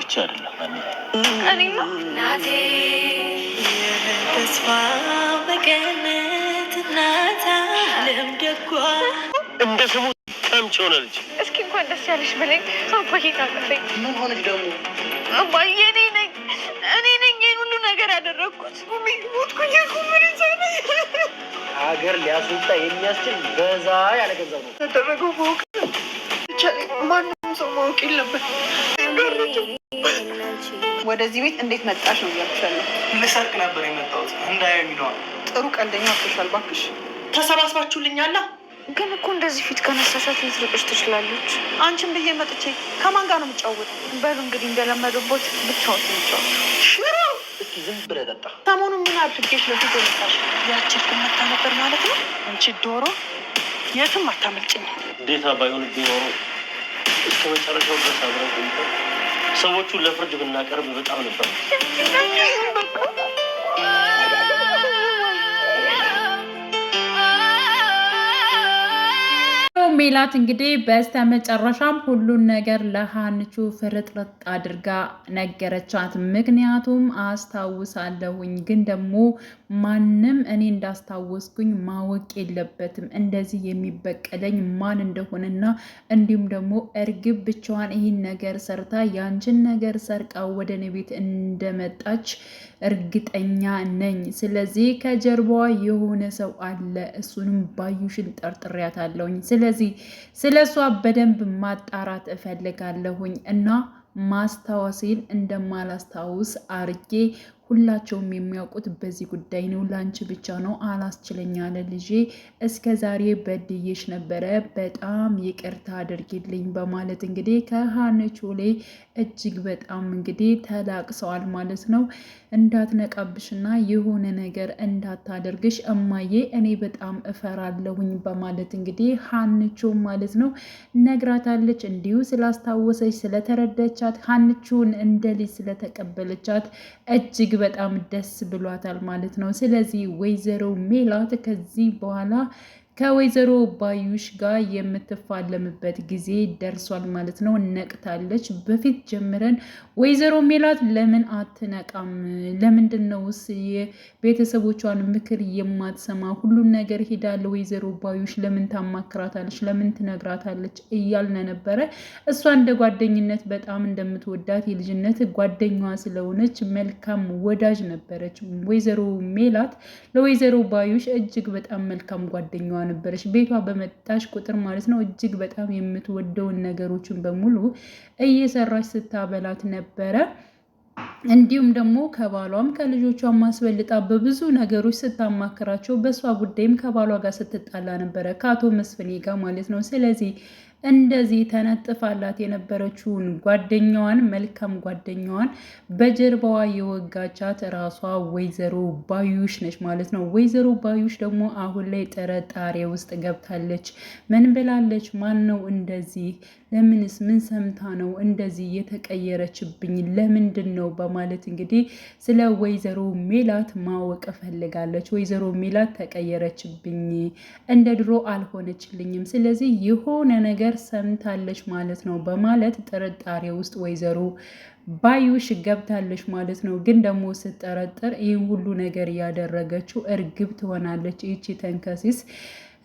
ብቻ አይደለም። እንደ ስሙ ቀምቼ ሆነ እስኪ እንኳን ደስ ያለሽ በለኝ። አባዬ ታቅፈኝ። ምን ሆነች ደግሞ? አባዬ እኔ ነኝ እኔ ነኝ ሁሉ ነገር ያደረግኩት። ሞትኩኝ። ሀገር ሊያስወጣ የሚያስችል በዛ ያለ ገንዘብ ነው ያደረገው። ማንም ሰው ማወቅ የለበት ወደዚህ ቤት እንዴት መጣሽ ነው እያልኩሻለሁ። ልሰርቅ ነበር የመጣሁት እንዳያዩ ይለዋል። ጥሩ ቀልደኛ አፍሻል ባክሽ። ተሰባስባችሁልኛላ። ግን እኮ እንደዚህ ፊት ከነሳሻት ልትርቅሽ ትችላለች። አንቺን ብዬ መጥቼ ከማን ጋር ነው የምጫወተው? በሉ እንግዲህ እንደለመዱቦት ብቻውን ትንጫወት። ሽሮ እስኪ ዝም ብለህ ጠጣ። ሰሞኑን ምን አድርጌሽ ነው ፊት የመጣሽ? ያችን መታ ነበር ማለት ነው። አንቺ ዶሮ የትም አታመልጭኝ። እንዴታ ባይሆን ቢኖሩ እስከ መጨረሻው ድረስ አብረ አብረን ሰዎቹ ለፍርድ ብናቀርብ በጣም ነበር። ሜላት እንግዲህ በስተመጨረሻም ሁሉን ነገር ለሀንቹ ፍርጥርጥ አድርጋ ነገረቻት። ምክንያቱም አስታውሳለሁኝ ግን ደግሞ ማንም እኔ እንዳስታወስኩኝ ማወቅ የለበትም። እንደዚህ የሚበቀለኝ ማን እንደሆነና እንዲሁም ደግሞ እርግብ ብቻዋን ይህን ነገር ሰርታ ያንችን ነገር ሰርቃ ወደ እኔ ቤት እንደመጣች እርግጠኛ ነኝ። ስለዚህ ከጀርባዋ የሆነ ሰው አለ። እሱንም ባዩሽን ጠርጥሬያታለሁኝ። ስለዚህ ስለ እሷ በደንብ ማጣራት እፈልጋለሁኝ እና ማስታወሴን እንደማላስታውስ አርጌ ሁላቸውም የሚያውቁት በዚህ ጉዳይ ነው። ላንቺ ብቻ ነው አላስችለኝ አለ ልጄ። እስከ ዛሬ በድዬሽ ነበረ፣ በጣም ይቅርታ አድርጊልኝ በማለት እንግዲህ ላይ እጅግ በጣም እንግዲህ ተላቅሰዋል ማለት ነው። እንዳትነቃብሽና የሆነ ነገር እንዳታደርግሽ እማዬ፣ እኔ በጣም እፈራለሁኝ በማለት እንግዲህ ሀንቾ ማለት ነው ነግራታለች። እንዲሁ ስላስታወሰች ስለተረዳቻት ሀንቾን እንደ ልጅ ስለተቀበለቻት እጅግ በጣም ደስ ብሏታል ማለት ነው። ስለዚህ ወይዘሮ ሜላት ከዚህ በኋላ ከወይዘሮ ባዩሽ ጋር የምትፋለምበት ጊዜ ደርሷል ማለት ነው። ነቅታለች። በፊት ጀምረን ወይዘሮ ሜላት ለምን አትነቃም? ለምንድን ነውስ የቤተሰቦቿን ምክር የማትሰማ? ሁሉን ነገር ሄዳለ ወይዘሮ ባዩሽ ለምን ታማክራታለች? ለምን ትነግራታለች? እያልነ ነበረ። እሷ እንደ ጓደኝነት በጣም እንደምትወዳት የልጅነት ጓደኛዋ ስለሆነች መልካም ወዳጅ ነበረች። ወይዘሮ ሜላት ለወይዘሮ ባዩሽ እጅግ በጣም መልካም ጓደኛ ነበረች። ቤቷ በመጣች ቁጥር ማለት ነው እጅግ በጣም የምትወደውን ነገሮችን በሙሉ እየሰራች ስታበላት ነበረ። እንዲሁም ደግሞ ከባሏም ከልጆቿ ማስበልጣ በብዙ ነገሮች ስታማክራቸው፣ በእሷ ጉዳይም ከባሏ ጋር ስትጣላ ነበረ ከአቶ መስፍኔ ጋር ማለት ነው። ስለዚህ እንደዚህ ተነጥፋላት የነበረችውን ጓደኛዋን መልካም ጓደኛዋን በጀርባዋ የወጋቻት ራሷ ወይዘሮ ባዩሽ ነች ማለት ነው። ወይዘሮ ባዩሽ ደግሞ አሁን ላይ ጥርጣሬ ውስጥ ገብታለች። ምን ብላለች? ማን ነው እንደዚህ? ለምንስ ምን ሰምታ ነው እንደዚህ የተቀየረችብኝ? ለምንድን ነው በማለት እንግዲህ ስለ ወይዘሮ ሜላት ማወቅ ፈልጋለች። ወይዘሮ ሜላት ተቀየረችብኝ፣ እንደ ድሮ አልሆነችልኝም። ስለዚህ የሆነ ነገር ነገር ሰምታለች ማለት ነው በማለት ጥርጣሬ ውስጥ ወይዘሮ ባዩሽ ገብታለች ማለት ነው። ግን ደግሞ ስጠረጥር ይህ ሁሉ ነገር ያደረገችው እርግብ ትሆናለች ይቺ ተንከሲስ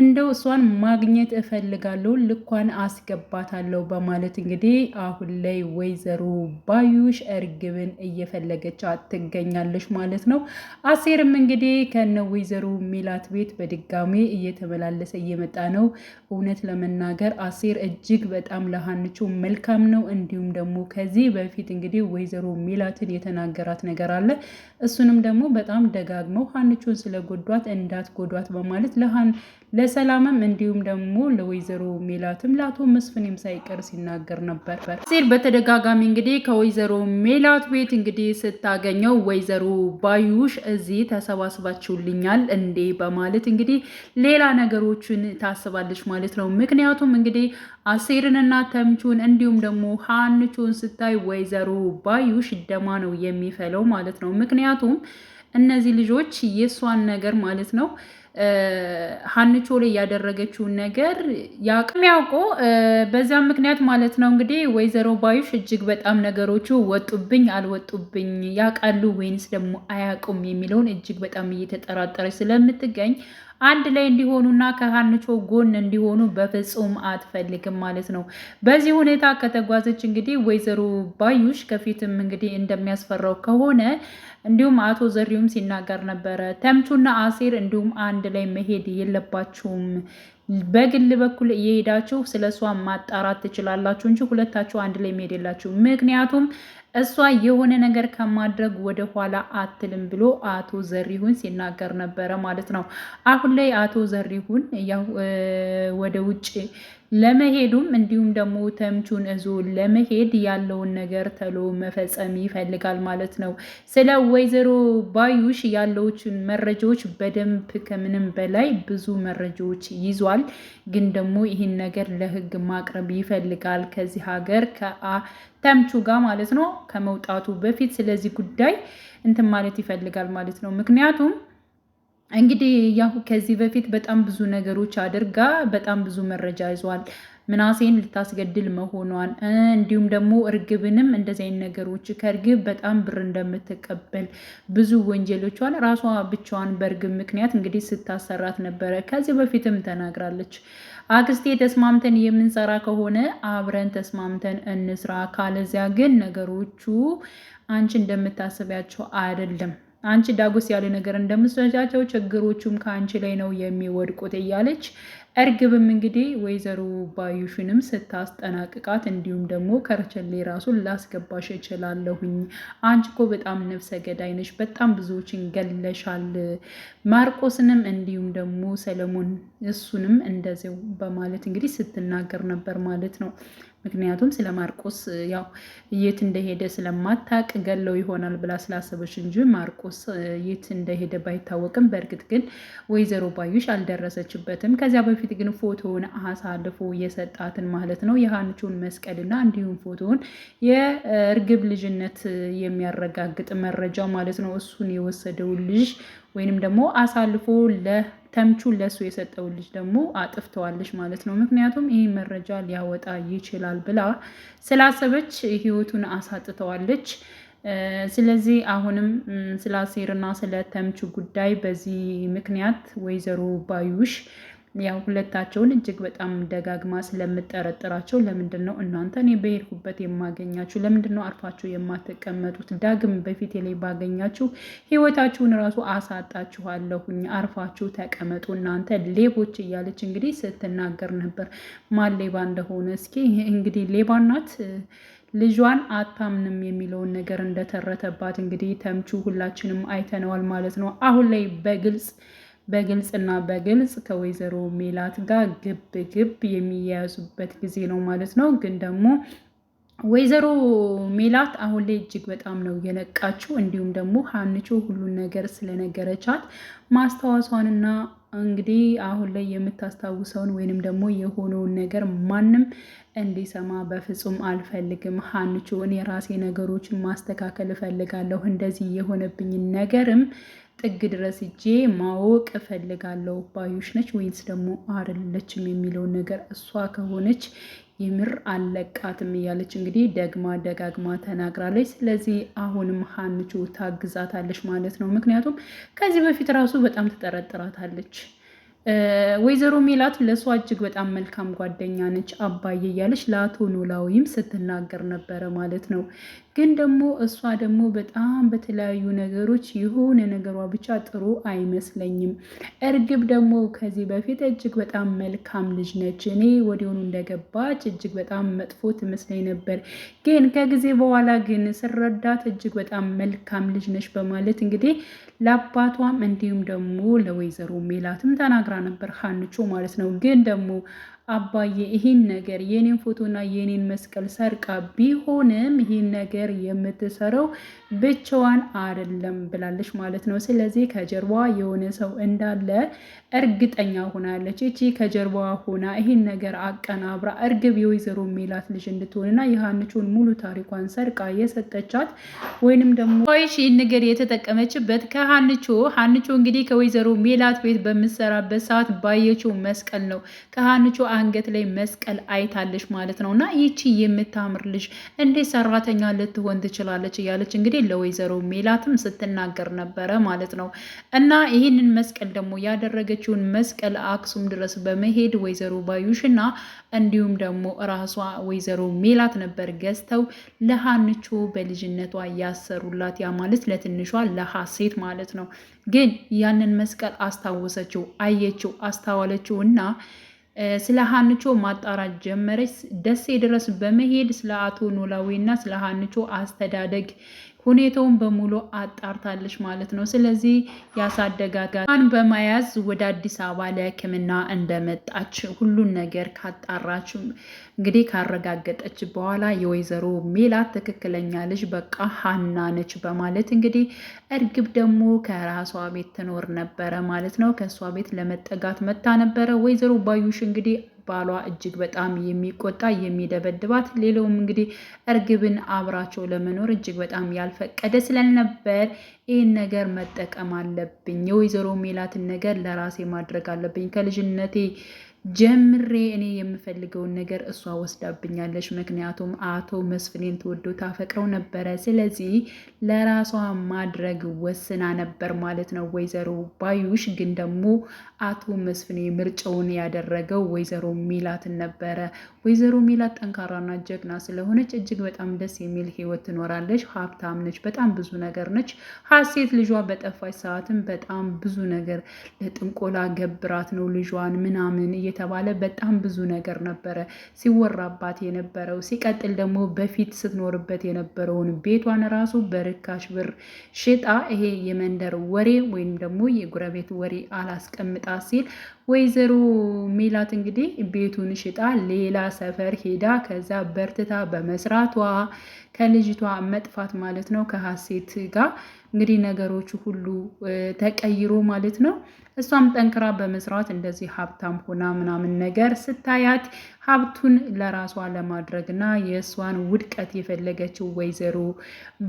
እንደው እሷን ማግኘት እፈልጋለሁ፣ ልኳን አስገባታለሁ በማለት እንግዲህ አሁን ላይ ወይዘሮ ባዩሽ እርግብን እየፈለገች ትገኛለች ማለት ነው። አሴርም እንግዲህ ከነ ወይዘሮ ሚላት ቤት በድጋሚ እየተመላለሰ እየመጣ ነው። እውነት ለመናገር አሴር እጅግ በጣም ለሀንቹ መልካም ነው። እንዲሁም ደግሞ ከዚህ በፊት እንግዲህ ወይዘሮ ሚላትን የተናገራት ነገር አለ። እሱንም ደግሞ በጣም ደጋግመው ሀንቹን ስለጎዷት እንዳትጎዷት በማለት ለሰላምም እንዲሁም ደግሞ ለወይዘሮ ሜላትም ለአቶ መስፍንም ሳይቀር ሲናገር ነበር። ሲር በተደጋጋሚ እንግዲህ ከወይዘሮ ሜላት ቤት እንግዲህ ስታገኘው ወይዘሮ ባዩሽ እዚህ ተሰባስባችሁልኛል እንዴ በማለት እንግዲህ ሌላ ነገሮችን ታስባለች ማለት ነው። ምክንያቱም እንግዲህ አሴርንና ተምቹን እንዲሁም ደግሞ ሀንቹን ስታይ ወይዘሮ ባዩሽ ደማ ነው የሚፈለው ማለት ነው። ምክንያቱም እነዚህ ልጆች የእሷን ነገር ማለት ነው ሀንቾ ላይ ያደረገችውን ነገር የሚያውቁ በዛም ምክንያት ማለት ነው እንግዲህ ወይዘሮ ባዩሽ እጅግ በጣም ነገሮቹ ወጡብኝ አልወጡብኝ ያውቃሉ ወይንስ ደግሞ አያውቁም የሚለውን እጅግ በጣም እየተጠራጠረች ስለምትገኝ አንድ ላይ እንዲሆኑና ከሀንቾ ጎን እንዲሆኑ በፍጹም አትፈልግም ማለት ነው። በዚህ ሁኔታ ከተጓዘች እንግዲህ ወይዘሮ ባዩሽ ከፊትም እንግዲህ እንደሚያስፈራው ከሆነ እንዲሁም አቶ ዘሪሁም ሲናገር ነበረ። ተምቹና አሴር እንዲሁም አንድ ላይ መሄድ የለባችሁም በግል በኩል እየሄዳችሁ ስለ እሷ ማጣራት ትችላላችሁ እንጂ ሁለታችሁ አንድ ላይ መሄድ የላችሁ። ምክንያቱም እሷ የሆነ ነገር ከማድረግ ወደኋላ አትልም ብሎ አቶ ዘሪሁን ሲናገር ነበረ ማለት ነው። አሁን ላይ አቶ ዘሪሁን ያው ወደ ውጭ ለመሄዱም እንዲሁም ደግሞ ተምቹን እዞ ለመሄድ ያለውን ነገር ተሎ መፈጸም ይፈልጋል ማለት ነው። ስለ ወይዘሮ ባዩሽ ያለዎች መረጃዎች በደንብ ከምንም በላይ ብዙ መረጃዎች ይዟል። ግን ደግሞ ይህን ነገር ለህግ ማቅረብ ይፈልጋል ከዚህ ሀገር ተምቹ ጋር ማለት ነው ከመውጣቱ በፊት ስለዚህ ጉዳይ እንትን ማለት ይፈልጋል ማለት ነው ምክንያቱም እንግዲህ ያው ከዚህ በፊት በጣም ብዙ ነገሮች አድርጋ በጣም ብዙ መረጃ ይዟል። ምናሴን ልታስገድል መሆኗን እንዲሁም ደግሞ እርግብንም እንደዚህ አይነት ነገሮች ከእርግብ በጣም ብር እንደምትቀበል ብዙ ወንጀሎቿን ራሷ ብቻዋን በእርግብ ምክንያት እንግዲህ ስታሰራት ነበረ። ከዚህ በፊትም ተናግራለች። አክስቴ ተስማምተን የምንሰራ ከሆነ አብረን ተስማምተን እንስራ፣ ካለዚያ ግን ነገሮቹ አንቺ እንደምታስቢያቸው አይደለም አንቺ ዳጎስ ያለ ነገር እንደምትሰጫቸው ችግሮቹም ከአንቺ ላይ ነው የሚወድቁት እያለች እርግብም እንግዲህ ወይዘሮ ባዩሽንም ስታስጠናቅቃት እንዲሁም ደግሞ ከርቸሌ ራሱን ላስገባሽ እችላለሁኝ። አንቺ እኮ በጣም ነፍሰ ገዳይ በጣም ብዙዎችን ገለሻል። ማርቆስንም እንዲሁም ደግሞ ሰለሞን እሱንም እንደዚው በማለት እንግዲህ ስትናገር ነበር ማለት ነው። ምክንያቱም ስለ ማርቆስ ያው የት እንደሄደ ስለማታቅ ገለው ይሆናል ብላ ስላሰበች እንጂ ማርቆስ የት እንደሄደ ባይታወቅም፣ በእርግጥ ግን ወይዘሮ ባዩሽ አልደረሰችበትም። ከዚያ በፊት ግን ፎቶውን አሳልፎ የሰጣትን ማለት ነው የሀንቹን መስቀልና እንዲሁም ፎቶውን የእርግብ ልጅነት የሚያረጋግጥ መረጃ ማለት ነው እሱን የወሰደውን ልጅ ወይንም ደግሞ አሳልፎ ለ ተምቹን ለእሱ የሰጠው ልጅ ደግሞ አጥፍተዋለች ማለት ነው። ምክንያቱም ይህ መረጃ ሊያወጣ ይችላል ብላ ስላሰበች ህይወቱን አሳጥተዋለች። ስለዚህ አሁንም ስለ አሴርና ስለ ተምቹ ጉዳይ በዚህ ምክንያት ወይዘሮ ባዩሽ ያው ሁለታቸውን እጅግ በጣም ደጋግማ ስለምጠረጥራቸው ለምንድን ነው እናንተ እኔ በሄድኩበት የማገኛችሁ? ለምንድን ነው አርፋችሁ የማትቀመጡት? ዳግም በፊቴ ላይ ባገኛችሁ ህይወታችሁን ራሱ አሳጣችኋለሁኝ። አርፋችሁ ተቀመጡ እናንተ ሌቦች እያለች እንግዲህ ስትናገር ነበር። ማን ሌባ እንደሆነ እስኪ እንግዲህ ሌባ ናት ልጇን አታምንም የሚለውን ነገር እንደተረተባት እንግዲህ ተምቹ ሁላችንም አይተነዋል ማለት ነው። አሁን ላይ በግልጽ በግልጽና በግልጽ ከወይዘሮ ሜላት ጋር ግብ ግብ የሚያያዙበት ጊዜ ነው ማለት ነው። ግን ደግሞ ወይዘሮ ሜላት አሁን ላይ እጅግ በጣም ነው የነቃችው። እንዲሁም ደግሞ ሀንቾ ሁሉን ነገር ስለነገረቻት ማስታወሷንና እንግዲህ አሁን ላይ የምታስታውሰውን ወይንም ደግሞ የሆነውን ነገር ማንም እንዲሰማ በፍጹም አልፈልግም። ሀንቾ እኔ የራሴ ነገሮችን ማስተካከል እፈልጋለሁ። እንደዚህ የሆነብኝን ነገርም ጥግ ድረስ እጄ ማወቅ እፈልጋለሁ። ባዩሽ ነች ወይንስ ደግሞ አይደለችም የሚለውን ነገር እሷ ከሆነች የምር አለቃትም እያለች እንግዲህ ደግማ ደጋግማ ተናግራለች። ስለዚህ አሁንም ሀንቹ ታግዛታለች ማለት ነው። ምክንያቱም ከዚህ በፊት ራሱ በጣም ትጠረጥራታለች። ወይዘሮ ሜላት ለእሷ እጅግ በጣም መልካም ጓደኛ ነች አባዬ እያለች ለአቶ ኖላዊም ስትናገር ነበረ ማለት ነው። ግን ደግሞ እሷ ደግሞ በጣም በተለያዩ ነገሮች የሆነ ነገሯ ብቻ ጥሩ አይመስለኝም። እርግብ ደግሞ ከዚህ በፊት እጅግ በጣም መልካም ልጅ ነች። እኔ ወዲያውኑ እንደገባች እጅግ በጣም መጥፎ ትመስለኝ ነበር፣ ግን ከጊዜ በኋላ ግን ስረዳት እጅግ በጣም መልካም ልጅ ነች በማለት እንግዲህ ለአባቷም እንዲሁም ደግሞ ለወይዘሮ ሜላትም ተናግራ ነበር ሀንቾ ማለት ነው። ግን ደግሞ አባዬ ይህን ነገር የኔን ፎቶና የኔን መስቀል ሰርቃ ቢሆንም ይህን ነገር የምትሰራው ብቻዋን አይደለም ብላለች ማለት ነው። ስለዚህ ከጀርባ የሆነ ሰው እንዳለ እርግጠኛ ሆናለች። እቺ ከጀርባ ሆና ይህን ነገር አቀናብራ እርግብ የወይዘሮ ሜላት ልጅ እንድትሆንና የሀንቹን ሙሉ ታሪኳን ሰርቃ የሰጠቻት ወይንም ደግሞ ኮይሽ ይህን ነገር የተጠቀመችበት ከሀንቹ ሀንቹ እንግዲህ ከወይዘሮ ሜላት ቤት በምሰራበት ሰዓት ባየችው መስቀል ነው። ከሀንቹ አንገት ላይ መስቀል አይታለች ማለት ነው። እና ይቺ የምታምር ልጅ እንዴት ሰራተኛ ልትሆን ትችላለች እያለች እንግዲህ ለወይዘሮ ሜላትም ስትናገር ነበረ ማለት ነው። እና ይህንን መስቀል ደግሞ ያደረገችውን መስቀል አክሱም ድረስ በመሄድ ወይዘሮ ባዩሽና እንዲሁም ደግሞ ራሷ ወይዘሮ ሜላት ነበር ገዝተው ለሀንቾ በልጅነቷ ያሰሩላት ያ ማለት ለትንሿ ለሀሴት ማለት ነው። ግን ያንን መስቀል አስታወሰችው፣ አየችው፣ አስተዋለችው እና ስለ ሀንቾ ማጣራት ጀመረች። ደሴ ድረስ በመሄድ ስለ አቶ ኖላዊና ስለ ሀንቾ አስተዳደግ ሁኔታውን በሙሉ አጣርታለች ማለት ነው። ስለዚህ ያሳደጋጋን በመያዝ ወደ አዲስ አበባ ለሕክምና እንደመጣች ሁሉን ነገር ካጣራች እንግዲህ ካረጋገጠች በኋላ የወይዘሮ ሜላት ትክክለኛ ልጅ በቃ ሀና ነች በማለት እንግዲህ እርግብ ደግሞ ከራሷ ቤት ትኖር ነበረ ማለት ነው። ከእሷ ቤት ለመጠጋት መታ ነበረ። ወይዘሮ ባዩሽ እንግዲህ ባሏ እጅግ በጣም የሚቆጣ የሚደበድባት፣ ሌላውም እንግዲህ እርግብን አብራቸው ለመኖር እጅግ በጣም ያልፈቀደ ስለነበር ይህን ነገር መጠቀም አለብኝ፣ የወይዘሮ ሜላትን ነገር ለራሴ ማድረግ አለብኝ ከልጅነቴ ጀምሬ እኔ የምፈልገውን ነገር እሷ ወስዳብኛለች። ምክንያቱም አቶ መስፍኔን ትወደው ታፈቅረው ነበረ። ስለዚህ ለራሷ ማድረግ ወስና ነበር ማለት ነው ወይዘሮ ባዩሽ። ግን ደግሞ አቶ መስፍኔ ምርጫውን ያደረገው ወይዘሮ ሚላትን ነበረ። ወይዘሮ ሜላት ጠንካራና ጀግና ስለሆነች እጅግ በጣም ደስ የሚል ህይወት ትኖራለች። ሀብታም ነች። በጣም ብዙ ነገር ነች። ሀሴት ልጇ በጠፋች ሰዓትም በጣም ብዙ ነገር ለጥንቆላ ገብራት ነው ልጇን ምናምን እየተባለ በጣም ብዙ ነገር ነበረ ሲወራባት የነበረው። ሲቀጥል ደግሞ በፊት ስትኖርበት የነበረውን ቤቷን ራሱ በርካሽ ብር ሽጣ ይሄ የመንደር ወሬ ወይም ደግሞ የጉረቤት ወሬ አላስቀምጣ ሲል ወይዘሮ ሜላት እንግዲህ ቤቱን ሽጣ ሌላ ሰፈር ሄዳ ከዛ በርትታ በመስራቷ ከልጅቷ መጥፋት ማለት ነው ከሀሴት ጋር እንግዲህ ነገሮቹ ሁሉ ተቀይሮ ማለት ነው። እሷም ጠንክራ በመስራት እንደዚህ ሀብታም ሆና ምናምን ነገር ስታያት ሀብቱን ለራሷ ለማድረግና የእሷን ውድቀት የፈለገችው ወይዘሮ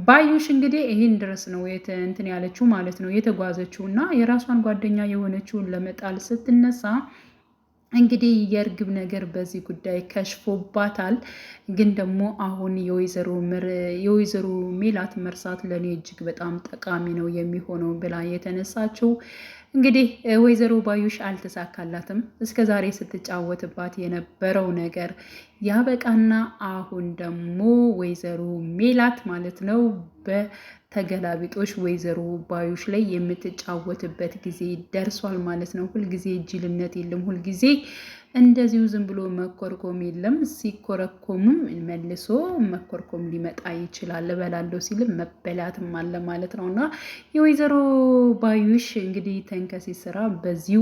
ባዩሽ እንግዲህ ይህን ድረስ ነው እንትን ያለችው ማለት ነው የተጓዘችው እና የራሷን ጓደኛ የሆነችውን ለመጣል ስትነሳ እንግዲህ የእርግብ ነገር በዚህ ጉዳይ ከሽፎባታል። ግን ደግሞ አሁን የወይዘሮ ሜላት መርሳት ለእኔ እጅግ በጣም ጠቃሚ ነው የሚሆነው ብላ የተነሳችው እንግዲህ ወይዘሮ ባዩሽ አልተሳካላትም። እስከ ዛሬ ስትጫወትባት የነበረው ነገር ያበቃና አሁን ደግሞ ወይዘሮ ሜላት ማለት ነው በ ተገላቢጦች ወይዘሮ ባዩሽ ላይ የምትጫወትበት ጊዜ ደርሷል ማለት ነው። ሁልጊዜ ጅልነት የለም። ሁልጊዜ እንደዚሁ ዝም ብሎ መኮርኮም የለም። ሲኮረኮምም መልሶ መኮርኮም ሊመጣ ይችላል እበላለሁ ሲልም መበላትም አለ ማለት ነው እና የወይዘሮ ባዩሽ እንግዲህ ተንከሴ ስራ በዚሁ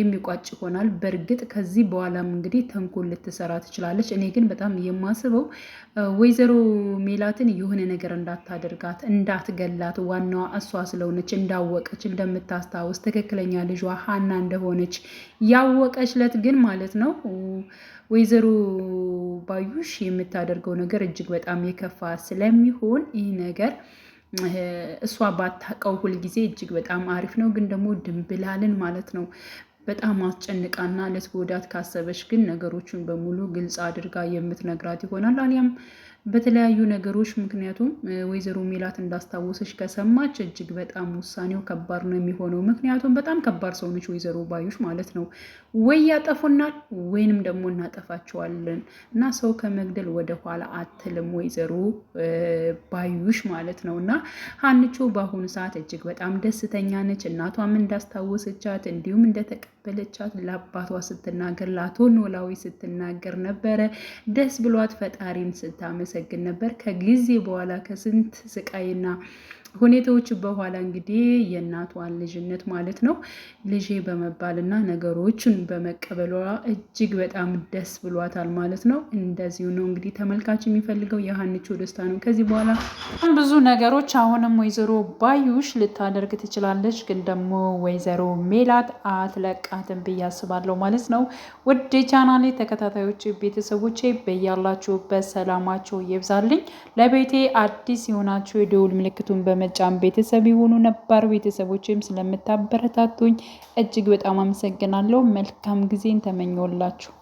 የሚቋጭ ይሆናል። በእርግጥ ከዚህ በኋላም እንግዲህ ተንኮል ልትሰራ ትችላለች። እኔ ግን በጣም የማስበው ወይዘሮ ሜላትን የሆነ ነገር እንዳታደርጋት፣ እንዳትገላት ዋናዋ እሷ ስለሆነች እንዳወቀች እንደምታስታውስ ትክክለኛ ልጇ ሀና እንደሆነች ያወቀች በሂደት ግን ማለት ነው ወይዘሮ ባዩሽ የምታደርገው ነገር እጅግ በጣም የከፋ ስለሚሆን ይህ ነገር እሷ ባታውቀው ሁልጊዜ እጅግ በጣም አሪፍ ነው። ግን ደግሞ ድንብላልን ማለት ነው በጣም አስጨንቃና ልትጎዳት ካሰበች ግን ነገሮቹን በሙሉ ግልጽ አድርጋ የምትነግራት ይሆናል አሊያም በተለያዩ ነገሮች ምክንያቱም ወይዘሮ ሜላት እንዳስታወሰች ከሰማች እጅግ በጣም ውሳኔው ከባድ ነው የሚሆነው። ምክንያቱም በጣም ከባድ ሰው ነች ወይዘሮ ባዩሽ ማለት ነው። ወይ ያጠፉናል ወይንም ደግሞ እናጠፋቸዋለን እና ሰው ከመግደል ወደኋላ አትልም ወይዘሮ ባዩሽ ማለት ነው። እና ሀንቾ በአሁኑ ሰዓት እጅግ በጣም ደስተኛ ነች። እናቷም እንዳስታወሰቻት እንዲሁም እንደተቀ እንዳቀበለቻት ለአባቷ ስትናገር ለአቶ ኖላዊ ስትናገር ነበረ። ደስ ብሏት ፈጣሪን ስታመሰግን ነበር። ከጊዜ በኋላ ከስንት ስቃይና ሁኔታዎች በኋላ እንግዲህ የእናቷን ልጅነት ማለት ነው ልጄ በመባልና ነገሮችን በመቀበሏ እጅግ በጣም ደስ ብሏታል ማለት ነው። እንደዚሁ ነው እንግዲህ ተመልካች የሚፈልገው የሀንቾ ደስታ ነው። ከዚህ በኋላ ብዙ ነገሮች አሁንም ወይዘሮ ባዩሽ ልታደርግ ትችላለች፣ ግን ደግሞ ወይዘሮ ሜላት አትለቃትም ብዬ አስባለሁ ማለት ነው። ውድ ቻናሌ ተከታታዮች ቤተሰቦቼ በያላችሁበት ሰላማቸው ይብዛልኝ። ለቤቴ አዲስ የሆናቸው የደውል ምልክቱን በመ መጫን ቤተሰብ የሆኑ ነባር ቤተሰቦችም ስለምታበረታቱኝ እጅግ በጣም አመሰግናለሁ። መልካም ጊዜን ተመኘውላችሁ።